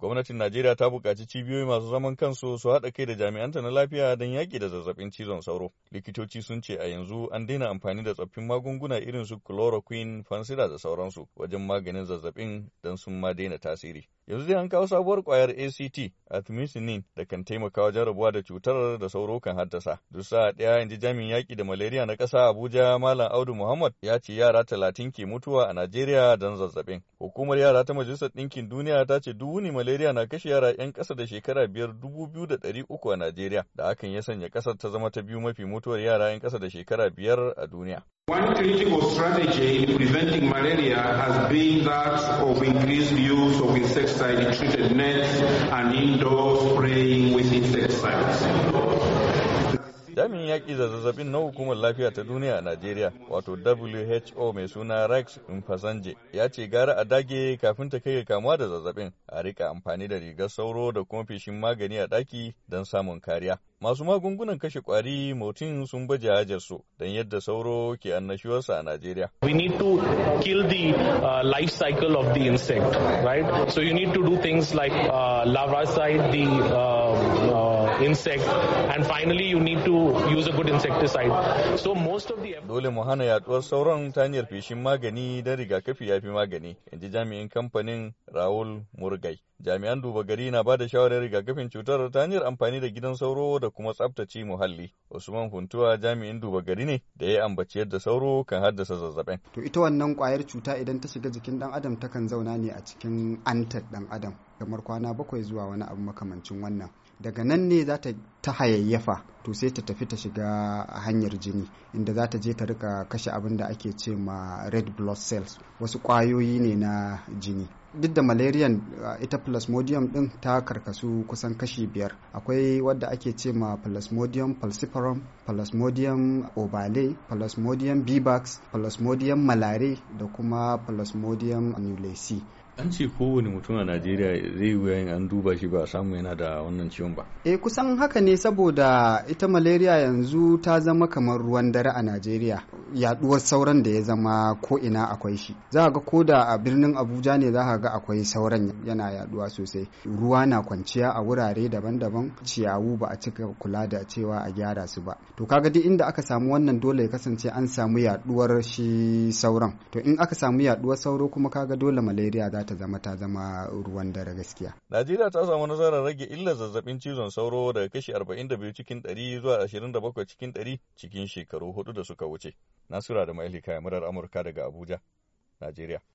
Gwamnatin Najeriya ta bukaci cibiyoyi masu zaman kansu su haɗa kai da jami'anta na lafiya don yaƙi da zazzabin cizon sauro. Likitoci sun ce a yanzu an daina amfani da tsaffin magunguna irin su chloroquine, fansida da sauransu wajen maganin zazzabin don sun ma daina tasiri. yanzu dai an kawo sabuwar kwayar ACT artemisinin da kan taimaka wajen rabuwa da cutar da sauro kan haddasa. Duk sa'a ɗaya yanzu jami'in yaƙi da malaria na ƙasa Abuja Malam Audu Muhammad ya ce yara talatin ke mutuwa a Najeriya don zazzabin. Hukumar yara ta Majalisar Ɗinkin Duniya ta ce wuni malaria na kashe yara 'yan ƙasa da shekara biyar dubu biyu da ɗari uku a Najeriya da hakan ya sanya ƙasar ta zama ta biyu mafi mutuwar yara 'yan ƙasa da shekara biyar a duniya. One critical strategy in preventing malaria has been that of increased use of insecticide treated nets and indoor spraying with insecticides. Jami'in yaƙi da zazzabin na hukumar lafiya ta duniya a Najeriya wato WHO mai suna Rex Infasanje ya ce gara a dage kafin ta kai kamuwa da zazzabin a rika amfani da rigar sauro da kuma feshin magani a daki don samun kariya. Masu magungunan kashe kwari motin sun baje hajarsu don yadda sauro ke annashuwarsa a Najeriya. We need to kill the uh, life cycle of the insect, right? So you need to do things like uh, larvicide, the uh, insects. And finally, you need to use a good insecticide. So most of the... Dole mu hana yaduwar sauran ta hanyar feshin magani magani, in ji jami'in kamfanin Raul Murgai. Jami'an duba gari na ba da shawarar rigakafin cutar ta hanyar amfani da gidan sauro da kuma tsaftace muhalli. Usman Huntuwa jami'in duba gari ne da ya ambaci yadda sauro kan haddasa zazzabin. To ita wannan kwayar cuta idan ta shiga jikin dan adam takan zauna ne a cikin antar dan adam kamar kwana bakwai zuwa wani abu makamancin wannan. Daga nan ne za ta hayayyafa to sai ta tafi ta shiga hanyar jini inda za ta je ta rika kashe abin da ake ce ma red blood cells wasu kwayoyi ne na jini duk da malaria uh, ita plasmodium din ta karkasu kusan kashi biyar akwai wadda ake ce ma plasmodium falciparum plasmodium ovale plasmodium bivax plasmodium malare da kuma plasmodium nulesi an ce kowane mutum a najeriya zai yi wuya an duba shi ba samu yana da wannan ciwon ba eh kusan haka ne saboda ita malaria yanzu ta zama kamar ruwan dare a najeriya yaduwar sauran da ya zama ko ina akwai shi za ga ko da a birnin abuja ne za ga akwai sauran yana yaduwa sosai ruwa na kwanciya a wurare daban-daban ciyawu ba a cika kula da cewa a gyara su ba to kaga duk inda aka samu wannan dole ya kasance an samu yaduwar shi sauran to in aka samu yaduwar sauro kuma kaga dole malaria za ta ta zama ta zama ruwan dare gaskiya. Najeriya ta samu nasarar rage illar zazzabin cizon sauro daga kashi 42 cikin 100 zuwa 27 cikin 100 cikin shekaru hudu da suka wuce. Nasura da Ma'ilika Murar Amurka daga Abuja, Najeriya.